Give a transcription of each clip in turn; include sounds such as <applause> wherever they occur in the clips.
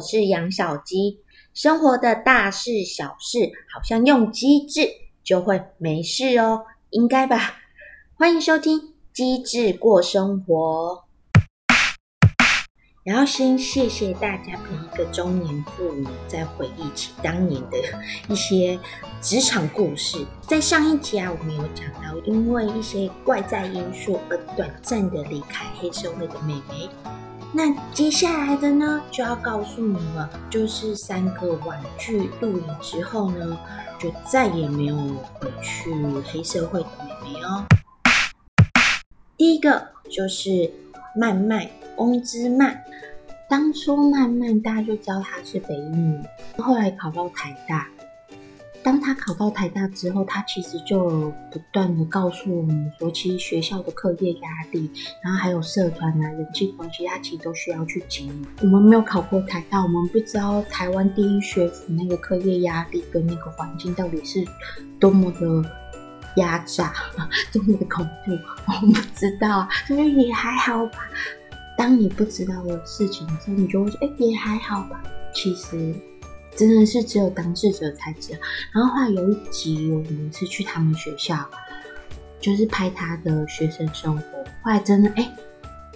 我是楊小雞，生活的大事小事，好像用機智就會沒事哦，應該吧？歡迎收聽《機智過生活》。然後先謝謝大家陪一個中年婦女，再回憶起當年的一些職場故事。在上一集啊，我們有講到，因為一些外在因素而短暫的離開黑澀會的美眉。那接下來的呢，就要告訴你們了，就是三個婉拒錄影之後呢，就再也沒有回去黑澀會的美眉哦。 <noise> 第一個就是蔓蔓翁滋蔓，當初蔓蔓大家就知道她是北一女，後來考到台大。當他考到台大之後，他其實就不斷的告訴我們說，其實學校的課業壓力，然後還有社團啊、人際關係，他、啊、其實都需要去經營。我們沒有考過台大，我們不知道台灣第一學府那個課業壓力跟那個環境到底是多麼的壓榨，多麼的恐怖，我們不知道，所以也還好吧。當你不知道的事情的時候，你就會說，哎、欸，也還好吧。其實。真的是只有當事者才知道。然後後來有一集我們是去他們學校，就是拍他的學生生活。後來真的，哎，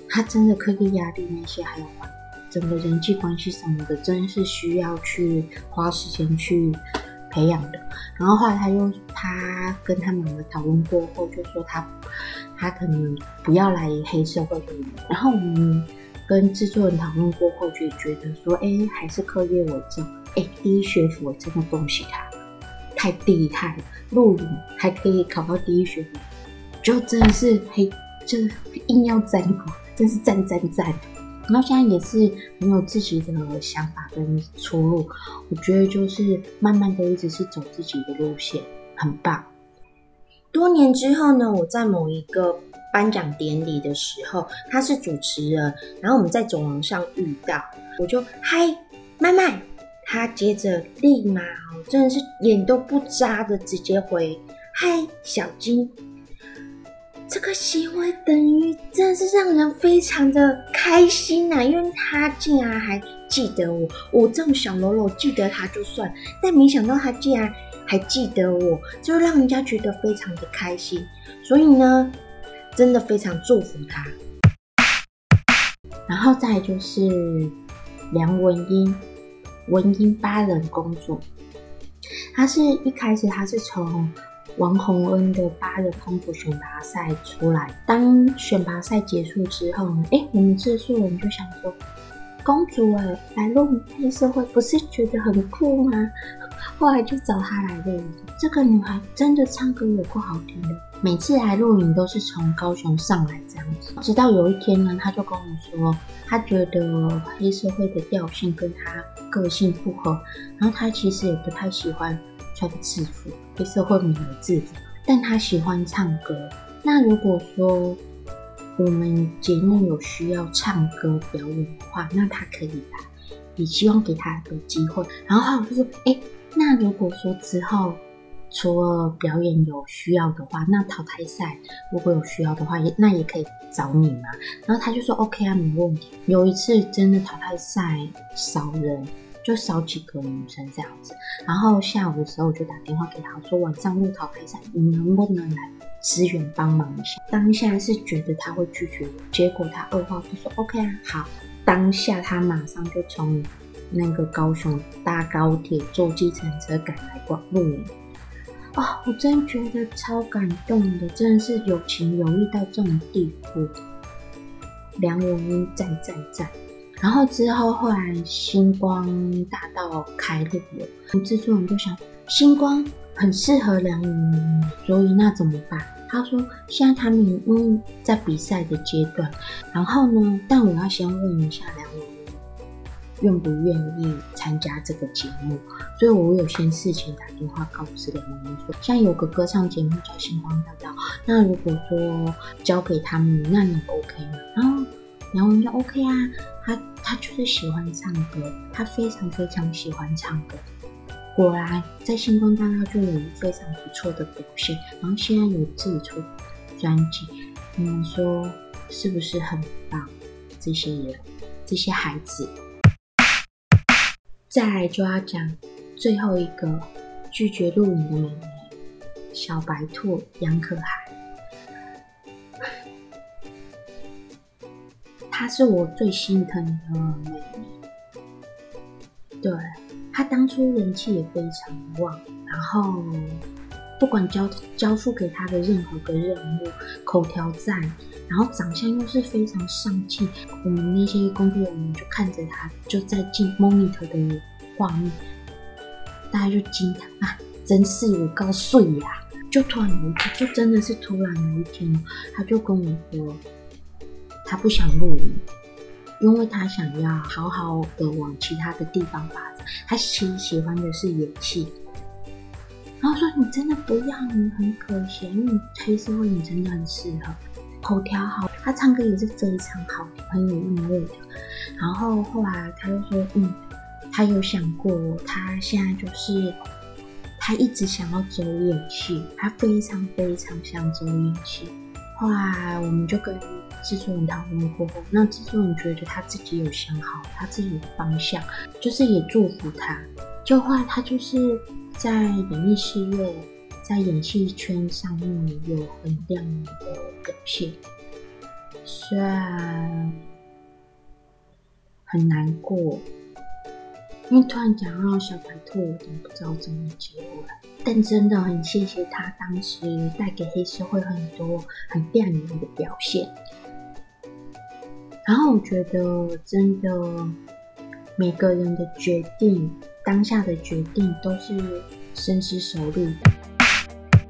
他真的課業壓力那些，還有整個人際關係什麼的，真的是需要去花時間去培養的。然後後來他又他跟他們討論過後，就說他他可能不要來黑澀會那邊。然後我們跟制作人討論過後，就覺得說，哎，還是課業為重。哎，第一學府我真的恭喜他，太厲害了。錄影還可以考到第一學府，就真的是嘿，這硬要贊嘛，真是贊贊贊。然後現在也是很有自己怎麼的想法跟出路，我覺得就是慢慢的一直是走自己的路線，很棒。多年之後呢，我在某一個頒獎典禮的時候，他是主持人，然後我們在走廊上遇到，我就嗨，麥麥。他接着立馬哦，真的是眼都不眨的直接回，嗨，小金，這個行為等於真的是讓人非常的開心吶、啊，因為他竟然還記得我，我這種小嘍囉記得他就算，但沒想到他竟然還記得我，就讓人家覺得非常的開心，所以呢，真的非常祝福他。然後再就是梁文音。文英八人公主，她是一開始，她是從王宏恩的八人公主選拔賽出來。當選拔賽結束之後，哎、欸，我們製作人就想說，公主哎、欸，來錄影黑澀會，不是覺得很酷嗎？後來就找她來錄影。這個女孩真的唱歌也不好聽的，每次來錄影都是從高雄上來這樣子。直到有一天呢，她就跟我說，她覺得黑澀會的調性跟她。個性不合，然後他其實也不太喜歡穿制服，黑澀會沒有制服，但他喜歡唱歌。那如果說我們節目有需要唱歌表演的話，那他可以啦，也希望給他個機會。然後他就說：“哎、欸，那如果說之後除了表演有需要的話，那淘汰賽如果有需要的話，也那也可以找你嘛。”然後他就說：“OK 啊，沒問題。”有一次真的淘汰賽少人。就少幾個女生這樣子，然後下午的時候我就打電話給他說晚上路淘開賽，你能不能來支援幫忙一下？當下是覺得他會拒絕我，結果他二話不說，OK 啊，好，當下他馬上就從那個高雄搭高鐵坐計程車趕來廣路營，啊，我真覺得超感動的，真的是有情有義到這種地步，梁文音讚讚讚！然後之後，後來星光大道開錄了，製作人就想，星光很適合梁文音，所以那怎麼辦？他說，現在他們因為、嗯、在比賽的階段，然後呢，但我要先問一下梁文音，願不願意參加這個節目？所以我有些事情打電話告知梁文音說，現在有個歌唱節目叫星光大道，那如果說交給他們，那你 OK 嗎？然後。然後我們就 OK 啊，他他就是喜歡唱歌，他非常非常喜歡唱歌。果然在星光大道就有非常不錯的表現，然後現在有自己出專輯，你、嗯、們說是不是很棒？這些人，這些孩子，再來就要講最後一個拒絕錄影的美眉，小白兔楊可涵。她是我最心疼的美女，對，對她當初人氣也非常旺，然後不管交交付給她的任何個任務，口條讚，然後長相又是非常上鏡，我們那些工作人員就看着她就在進 monitor 的畫面，大家就驚嘆啊，真是有夠帥呀、啊！就突然有一天，就真的是突然有一天，她就跟我說。他不想錄影，因為他想要好好的往其他的地方發展。他其實喜歡的是演戲。然後說：“你真的不要，你很可惜，因為你黑澀會你真的很適合，口條好，他唱歌也是非常好，很有韻味的。”然後後來他就說：“嗯，他有想過，他現在就是他一直想要走演戲，他非常非常想走演戲。”後來我們就跟製作人談完過後，那製作人覺得他自己有想好他自己的方向，就是也祝福他。就話他就是在演藝事業，在演戲圈上面有很亮眼的表現，雖然很難過，因為突然講到小白兔，我都不知道怎麼結尾了。但真的很謝謝他當時帶給黑澀會很多很亮眼的表現。然後我覺得真的每個人的決定，當下的決定都是深思熟慮的。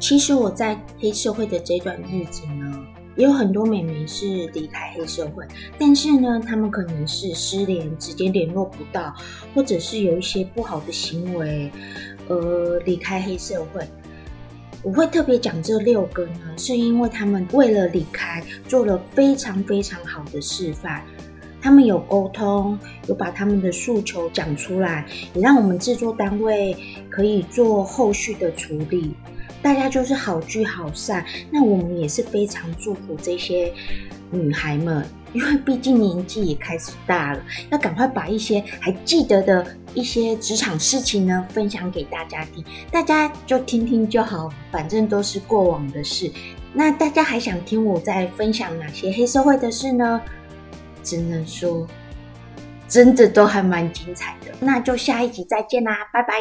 其實我在黑澀會的這段日子呢，也有很多美眉是離開黑澀會，但是呢，他們可能是失聯，直接聯絡不到，或者是有一些不好的行為。呃，離開黑澀會，我會特別講這六個呢，是因為他們為了離開做了非常非常好的示範。他們有溝通，有把他們的訴求講出來，也讓我們製作單位可以做後續的處理。大家就是好聚好散，那我們也是非常祝福這些女孩們，因為畢竟年紀也開始大了，要趕快把一些還記得的一些職場事情呢分享給大家聽，大家就聽聽就好，反正都是過往的事。那大家還想聽我再分享哪些黑澀會的事呢？只能說，真的都還蠻精彩的。那就下一集再見啦，拜拜。